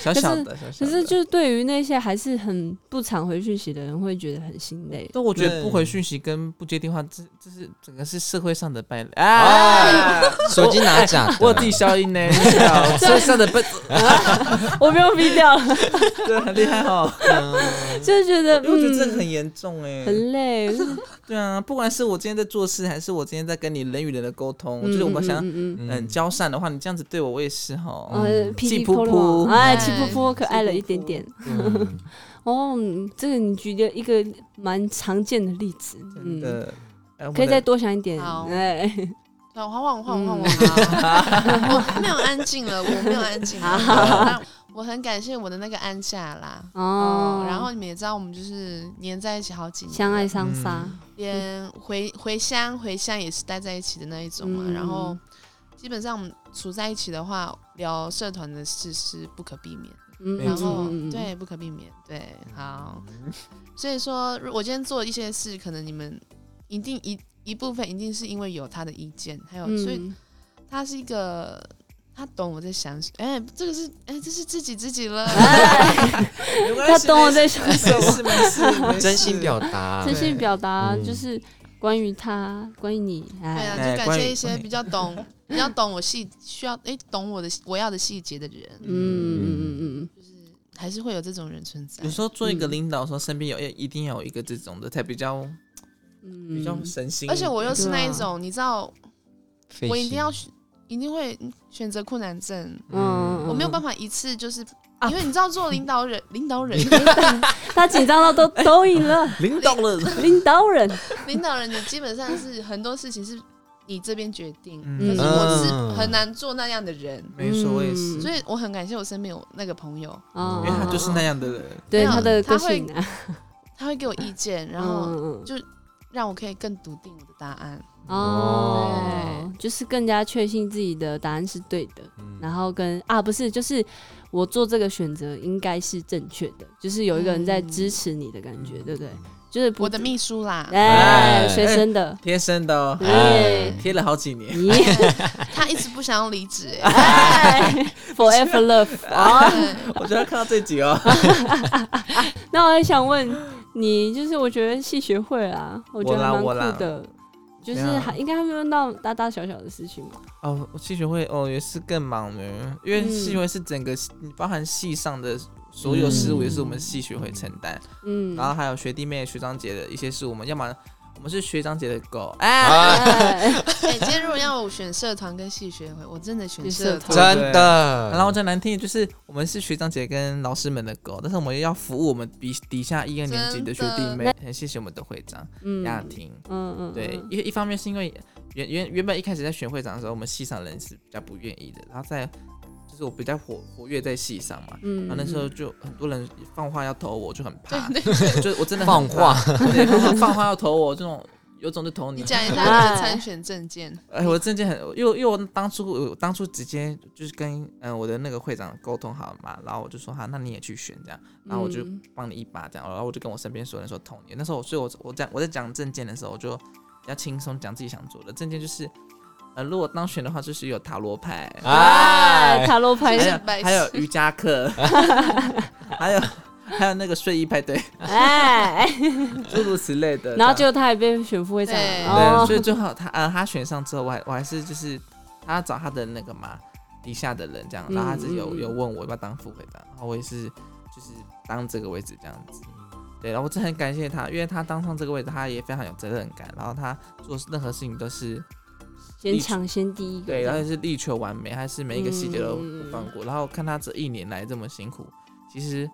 小小的小小的。可是，小小可是就對於那些還是很不常回去洗的人，會覺得很心累。但我覺得。不回訊息跟不接電話，這是這是整個是社會上的敗類、啊啊、手機拿着，臥地效應呢、 啊？社會上的敗，啊、 我沒有逼掉了，對，很厲害哈、哦嗯。就是覺得，我覺得，我覺得這個很嚴重哎、欸嗯，很累。對啊，不管是我今天在做事，還是我今天在跟你人與人的溝通，就是我們想嗯，嗯，嗯，嗯，嗯，嗯，嗯交善的話，你這樣子對我，我也是哈，氣撲撲，哎、哦，氣撲撲，可愛了一點點。哦、oh,，這個你舉的一個蠻常見的例子，真的嗯,嗯，可以再多想一點。好，那我換換換換換。嗯、換換換換好 我沒有安靜了， 我沒有安靜。好 我很感謝我的那個安夏啦。哦、oh, 然後你們也知道，我們就是黏在一起好幾年，相愛相殺，連回、嗯、回鄉回鄉也是待在一起的那一種嘛、啊嗯。然後基本上我們處在一起的話，聊社團的事是不可避免。嗯、然後對，不可避免，對好，所以說我今天做一些事，可能你們一定一一部分一定是因為有他的意見，還有、嗯、所以他是一個他懂我在想，哎、欸，這個是哎、欸、這是知己知己了， 他懂我在想什麼，真心表達，真心表達就是。嗯關於他，關於你，哎、對啊，就感謝一些比較懂、關關你， 比較懂我細需要，哎、欸，懂我的我要的細節的人，嗯嗯嗯嗯，就是還是會有這種人存在。有時候做一個領導，說、嗯、身邊有，哎，一定要有一個這種的才比較，嗯，比較省心。而且我又是那一種、啊，你知道，我一定要選，一定會選擇困難症，嗯，嗯，嗯，我沒有辦法一次就是。因為你知道做，做、啊、領導人，領導人 他緊張到都 都贏了，領導了，領導人，領導人， 領導人，你基本上是很多事情是你這邊決定，可、嗯、是我是很難做那樣的人。沒所謂是。所以我很感謝我身邊有那個朋友、嗯，因為他就是那樣的人，對、嗯、他的個性、啊他會，他會給我意見，然後就讓我可以更篤定我的答案。嗯、哦，就是更加確信自己的答案是對的，嗯、然後跟啊，不是，就是。我做這個選擇應該是正確的，就是有一個人在支持你的感覺，嗯、對不對？嗯、就是我的秘書啦，哎、欸欸，學生的，貼、欸、身的、哦，哎、欸，貼、欸、了好幾年、欸欸，他一直不想離職、欸，哎、欸、 ，forever love，哦、 oh，我覺得看到這集哦， 那我還想問你，就是我覺得系學會、啊、啦，我覺得蠻酷的。就是應還應該還沒有用到大大小小的事情嘛。哦，系學會哦也是更忙的，因為系學會是整個包含系上的所有事務，也是我們系學會承擔。嗯，然後還有學弟妹、嗯、學長姐的一些事務，我們要麼。我是學長姐的狗哎，哎，哎，哎，哎！今天如果要我選社團跟系學會， 我真的選社團，真的。然後我講難聽一點，就是我們是學長姐跟老師們的狗，但是我們要服務我們底底下一二年級的學弟妹。很謝謝我們的會長亞婷，嗯嗯，對。一一方面是因為原原原本一開始在選會長的時候，我們系上人是比較不願意的，然後在。就是我比較活活躍在戲上嘛，嗯，然後那時候就很多人放話要投我，我就很怕對對對對。就我真的放話。對，對，放話要投我。 就這種有種就投你。你講一下的參選政見。哎，我政見很，因為因為我當初我當初直接就是跟嗯、呃、我的那個會長溝通好了嘛，然後我就說哈、啊、那你也去選這樣，然後我就幫你一把這樣，然後我就跟我身邊所有人說投你。那時候我所以我，我我講我在講政見的時候，我就比較輕鬆講自己想做的政見就是。呃，如果當選的話，就是有塔羅牌、啊啊，塔羅牌，還有瑜伽課， 還有 還有那個睡衣派對，哎，諸如此類的。 然後最後他也被選副會長，哦，對，所以最後他、呃、他選上之後，我還我還是就是他找他的那個嘛底下的人這樣，然後他自己有嗯嗯有問我要不要當副會長，然後我也是就是當這個位置這樣子，對，然後我真的很感謝他，因為他當上這個位置，他也非常有責任感，然後他做任何事情都是。先搶先第一個，對，而且是力求完美，還是每一個細節都不放過、嗯。然後看他這一年來這麼辛苦，其實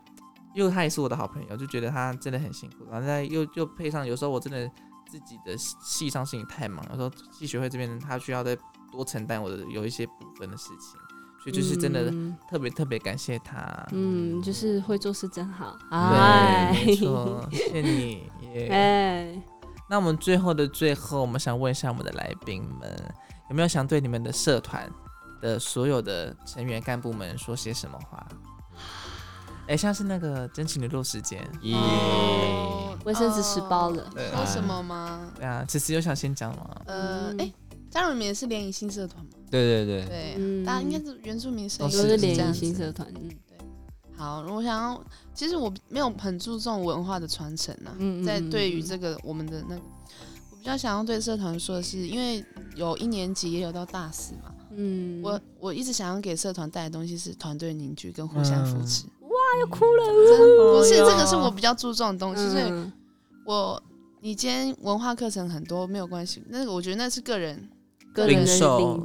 因為他也是我的好朋友，就覺得他真的很辛苦。然後再又又配上有時候我真的自己的戲上事情太忙，有時候戲學會這邊他需要再多承擔我的有一些部分的事情，所以就是真的特別特別感謝他。嗯，就是會做事真好，對，哎、沒錯，謝謝你耶。 yeah. hey. 那我們最後的最後，我們想問一下我們的來賓們，有沒有想對你們的社團的所有的成員幹部們說些什麼話？哎、欸，像是那個真情流露時間，衛生紙十包了，oh, 啊 oh, 說什麼嗎？對啊，其實有想先講嗎？呃，哎、欸，家人你們是聯誼新社團嗎？對對對對，對嗯、大家應該是原住民生、哦，都是聯誼新社團。好，我想要，其實我沒有很注重文化的傳承呢、啊嗯，在對於這個我們的那個，我比較想要對社團說的是，因為有一年級也有到大四嘛，嗯，我我一直想要給社團帶的東西是團隊凝聚跟互相扶持。嗯、哇，要哭了，真、嗯嗯、不是這個是我比較注重的東西，哦就是我你今天文化課程很多沒有關係，那個我覺得那是個人個人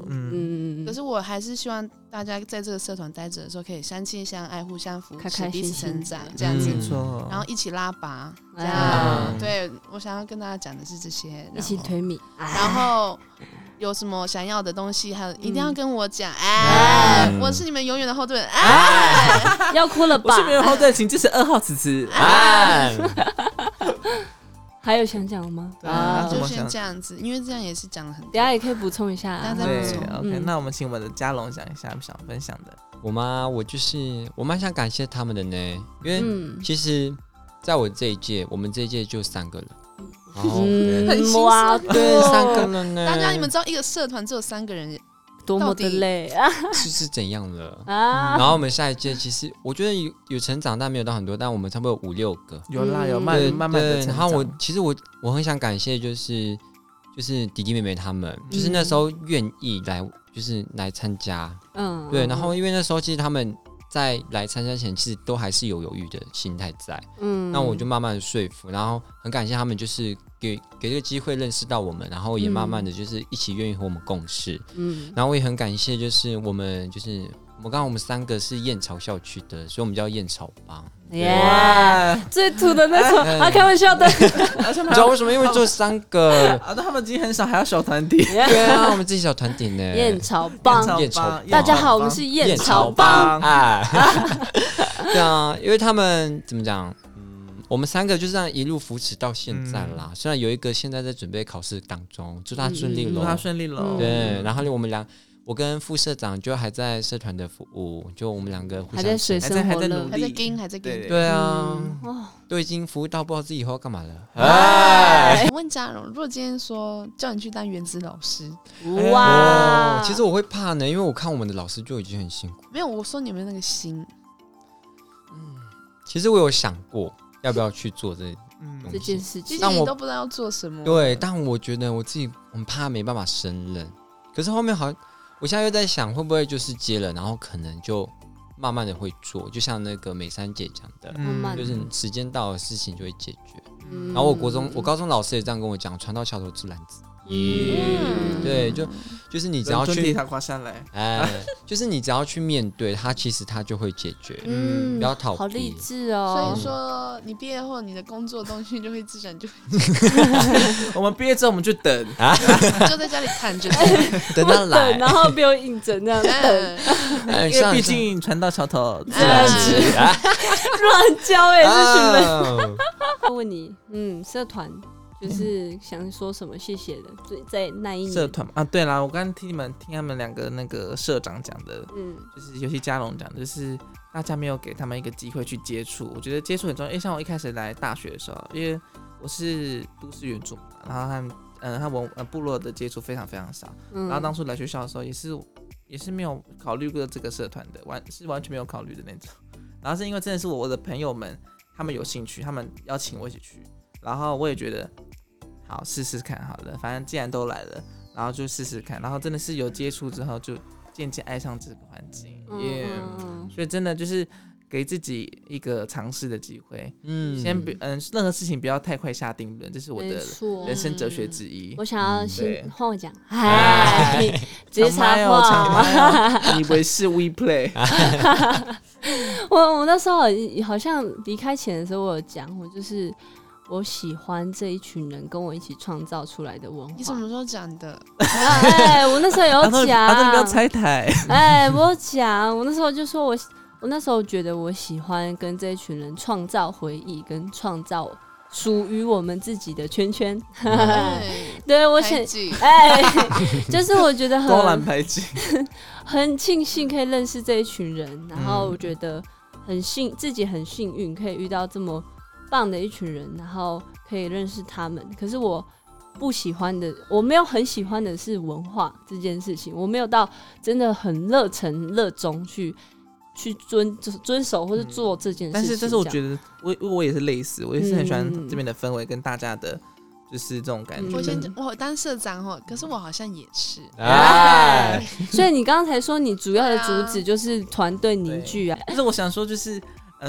嗯。可是我還是希望大家在這個社團待着的時候，可以相親相愛、互相扶持、彼此成長這樣子、嗯，然後一起拉拔、啊這樣嗯。對，我想要跟大家講的是這些，一起推米、啊，然後有什麼想要的東西，還、嗯、一定要跟我講哎、啊，我是你們永遠的後盾哎、啊啊，要哭了吧？是你們後盾，啊、請支持二號遲遲哎。啊啊 還有想講的嗎？對、啊啊，就先這樣子，嗯、因為這樣也是講了很大家也可以補充一下、啊充。對、嗯、OK，那我們請我們的嘉龍講一下、嗯、想分享的。我嗎，我就是我蠻想感謝他們的呢，因為、嗯、其實在我這一屆，我們這一屆就三個人，oh, 嗯、對很辛對，三個人呢。 大家你們知道一個社團只有三個人？多麼的累啊！是是怎樣的啊、 嗯？然後我們下一屆其實，我覺得有有成長，但沒有到很多。但我們差不多有五六個，有啦，有、嗯、慢，慢慢慢慢。然後我其實我我很想感謝，就是就是弟弟妹妹他們，嗯、就是那時候願意來，就是來參加。嗯，對。然後因為那時候其實他們。在來參加前，其實都還是有猶豫的心態在。嗯，那我就慢慢的說服，然後很感謝他們，就是給給這個機會認識到我們，然後也慢慢的就是一起願意和我們共事。嗯，然後我也很感謝，就是我們就是。我剛剛我們三個是燕巢校區的，所以我們叫燕巢幫。y、yeah, 最土的那種。欸、啊，開玩笑的。你知道為什麼？因為做三個啊，他們今天很少，還要小團體。Yeah. 對啊，我們自己小團體呢、欸。燕巢幫，大家好，我們是燕巢幫。對啊， 因為他們怎麼講？嗯，我們三個就是這樣一路扶持到現在啦、嗯。雖然有一個現在在準備考試當中，祝他順利囉，祝他順利囉。對，嗯、然後就我們倆。我跟副社長就還在社團的服務，就我們兩個互相還在水生，還在還在跟，還在跟。對啊，都已經服務到不知道自己以後要幹嘛了。哎，Hi、我問嘉榮，如果今天說叫你去當原子老師，哇、哦，其實我會怕呢，因為我看我們的老師就已經很辛苦。沒有，我說你有沒有那個心，嗯，其實我有想過要不要去做這，嗯，這件事件，但我都不知道要做什麼。對，但我覺得我自己很怕沒辦法勝任，可是後面好像。我現在又在想，會不會就是接了，然後可能就慢慢的會做，就像那個美三姐講的，嗯，就是時間到了事情就會解決，嗯。然後我國中，我高中老師也這樣跟我講，船到橋頭自然直。咦、嗯， 對，就就是你只要去，哎、嗯，就是你只要去面對他，其實他就會解決、嗯，不要逃避。好勵志哦！所以說，你畢業後你的工作東西就會自然就。 我們畢業之後我們就等啊， 就在家裡看着， 哎、等他來，然後不用應徵那樣、嗯、等，因為畢竟船到橋頭、嗯、自然直啊。亂教哎，這是什麼他問你，嗯，社團。就是想說什麼謝謝的，最在那一年社團嘛，啊對啦，我剛聽你們聽他們兩個那個社長講的，嗯，就是尤其嘉龍講的，就是大家沒有給他們一個機會去接觸，我覺得接觸很重要。因為像我一開始來大學的時候，因為我是都市原住嘛，然後他們嗯，他們部落的接觸非常非常少，然後當初來學校的時候也是也是沒有考慮過這個社團的，完是完全沒有考慮的那種。然後是因為真的是我的朋友們他們有興趣，他們邀請我一起去，然後我也覺得。好，試試看。好了，反正既然都來了，然後就試試看。然後真的是有接觸之後，就漸漸愛上這個環境。嗯，yeah, 所以真的就是給自己一個嘗試的機會。嗯，先不嗯、呃，任何事情不要太快下定論，這是我的人生哲學之一。嗯、我想要先換我講，哎、嗯，職場，你以為是 We Play？我我那時候好像離開前的時候我有講，我講我就是。我喜歡這一群人跟我一起創造出來的文化。你什麼時候講的？哎、啊 欸，我那時候有講，他 正不要拆台。哎、欸，我講，我那時候就說我，我我那時候覺得我喜歡跟這一群人創造回憶，跟創造屬於我們自己的圈圈。 欸、 對，我想，哎、欸，就是我覺得很排 很慶幸可以認識這一群人，然後我覺得很幸，自己很幸運可以遇到這麼。棒的一群人，然後可以認識他們。可是我不喜歡的，我沒有很喜歡的是文化這件事情，我沒有到真的很熱誠、熱衷去去遵就是遵守或是做這件事情這樣。但是，但是我覺得我我也是類似，我也是很喜歡這邊的氛圍跟大家的，就是這種感覺。我我當社長哦，可是我好像也是，啊、所以你剛才說你主要的主旨就是團隊凝聚啊。但是我想說，就是。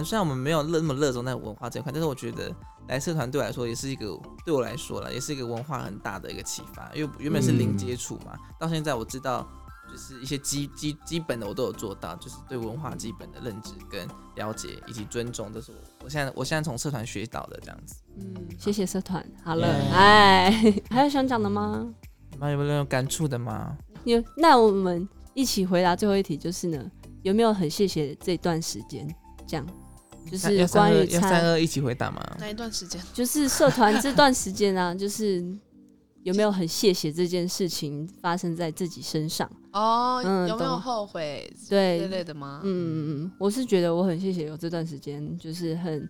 雖然我們沒有那麼熱衷在文化這一塊，但是我覺得來社團對我來說也是一個，對我來說啦，也是一個文化很大的一個啟發。因為原本是零接觸嘛、嗯，到現在我知道，就是一些基基基本的我都有做到，就是對文化基本的認知跟了解以及尊重，這，就是我我現在我現在從社團學到的這樣子。嗯，謝謝社團。好了，哎，還有想講的，的嗎？你們有沒有感觸的嗎？有，那我們一起回答最後一題，就是呢，有沒有很謝謝這段時間這樣？就是關於有三二一起回答嗎？哪一段時間？就是社團這段時間啊， 就是有沒有很謝謝這件事情發生在自己身上？哦，嗯、有沒有後悔？對之類的嗎？嗯，我是覺得我很謝謝有這段時間，就是很。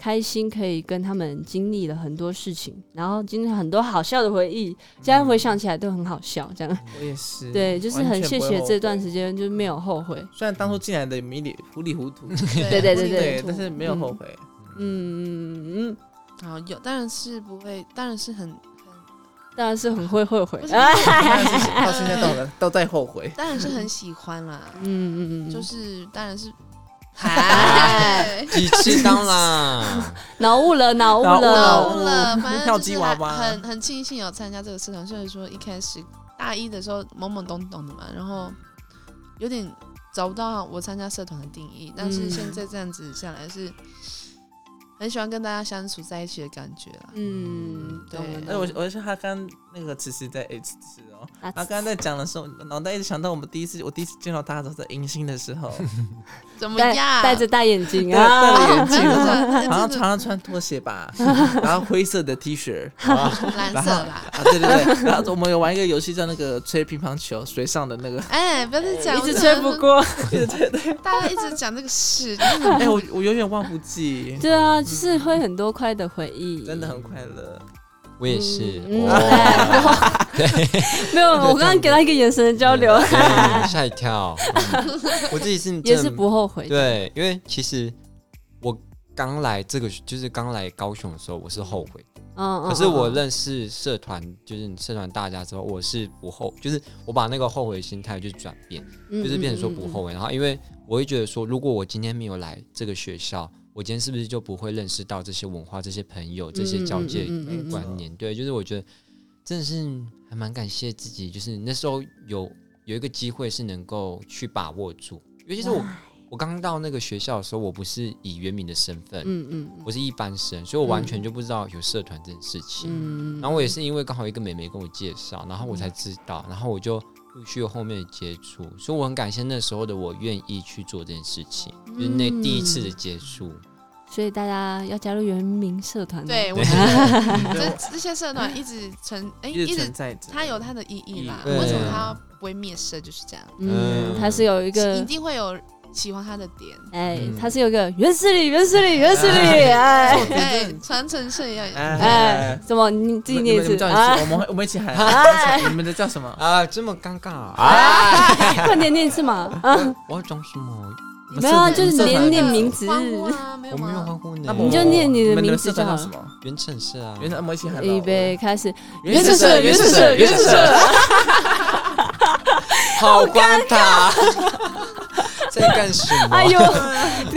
開心可以跟他們經歷了很多事情，然後經歷很多好笑的回憶，現在回想起來都很好笑。這樣，嗯，我也是。對，就是很謝謝這段時間，就沒有後悔,後悔。雖然當初進來的迷裡糊裡糊塗，對對對對,對,對,對,對,對，但是沒有後悔。嗯嗯嗯嗯，好，有當然是不會，當然是很,很，當然是很會後悔。到現在到了，都在後悔，當然是很喜歡啦，嗯嗯嗯，就是當然是。嗨， 幾期當啦？腦霧了，腦 霧了，腦霧了。反正就是很娃娃很慶幸有參加這個社團。雖然說一開始大一的時候懵懵懂懂的嘛，然後有點找不到我參加社團的定義，但是現在這樣子下來，是很喜歡跟大家相處在一起的感覺啦。嗯，對。哎、嗯，我我是他剛那個其實在，在 H。然後剛剛在講的時候，腦袋一直想到我們第一次，我第一次見到他是在迎新的時候，怎麼樣？ 戴，戴着大眼睛啊，啊，戴着眼鏡，啊啊、好像然後常常穿拖鞋吧， 然後灰色的 T 恤， 藍色的，啊對對對， 然後我們有玩一個遊戲叫那個吹乒乓球水上的那個，哎不要再講，一直吹不過， 對對對，對，大家一直講那個事， 哎我我永遠忘不記，對啊，就是會很多快的回憶， 真的很快樂。我也是，嗯哦、對, 對，沒有，我剛剛給他一個眼神的交流，嚇一跳。嗯、 我自己是真的也是不後悔，對，因為其實我剛來這個，就是剛來高雄的時候，我是後悔，嗯可是我認識社團、嗯，就是社團大家之後，我是不後，就是我把那個後悔心態就轉變嗯嗯嗯，就是變成說不後悔。然後因為我會覺得說，如果我今天沒有來這個學校。我今天是不是就不會認識到這些文化、這些朋友、這些交界觀念、嗯嗯嗯嗯嗯？對，就是我覺得真的是還蠻感謝自己，就是那時候有有一個機會是能夠去把握住。尤其是我，我剛到那個學校的時候，我不是以原民的身份，嗯嗯，我是一般生，所以我完全就不知道有社團這件事情、嗯。然後我也是因為剛好一個美眉跟我介紹，然後我才知道，然後我就。後續後面的接觸，所以我很感謝那時候的我願意去做這件事情，嗯、就是那第一次的接觸。所以大家要加入原民社團，對，我覺得 這這些社團一直存，哎、欸，一直在，它有它的意義吧，嗯、為什麼它不會滅社，就是這樣，嗯，嗯它是有一個，一定會有。喜歡他的點，哎，他是有個原始力，原始力，原始力，哎哎，傳、哎、承式要，哎，怎麼你自己念一次？我們，你們叫、啊、我們一起喊、啊啊啊啊啊啊，你們的叫什麼？啊，這麼尷尬啊，啊，啊，啊！快點念一次嘛！啊，我要裝什麼？沒、啊、有，啊，就是念念名字。我沒有歡呼，那你就念你的名字就好的叫什麼？原始式啊，原來我們一起喊，預備開始，原始式，原始式，原始式，好尷尬。幹死！哎呦，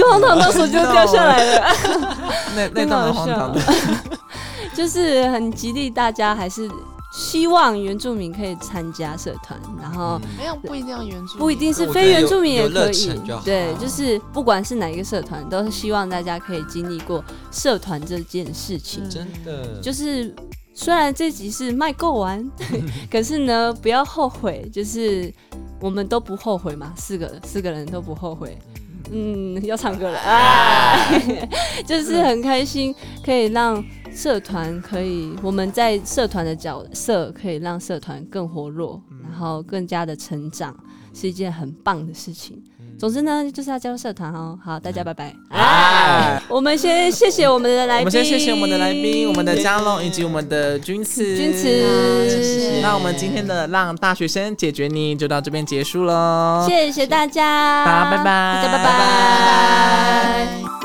光頭當時就掉下來了， 那那段好笑內。 就是很激勵大家，還是希望原住民可以參加社團，然後、嗯、沒有不一定要原住民，不一定是非原住民也可以。對，就是不管是哪一個社團，都是希望大家可以經歷過社團這件事情、嗯。真的，就是雖然這集是麥溝玩， 可是呢，不要後悔，就是。我們都不後悔嘛，四個四個人都不後悔。嗯，要唱歌了，啊， 就是很開心，可以讓社團可以我們在社團的角色，可以讓社團更活絡，嗯，然後更加的成長，是一件很棒的事情。總之呢，就是要加入社團哦。好，大家拜拜。哎、啊啊，我們先謝謝我們的來賓。 我們先謝謝我們的來賓， 我們的嘉龍以及我們的君慈。 君慈，嗯、 那我們今天的《讓大學生解決你》就到這邊結束嘍。謝謝大家，大家拜拜，大家拜拜，拜拜。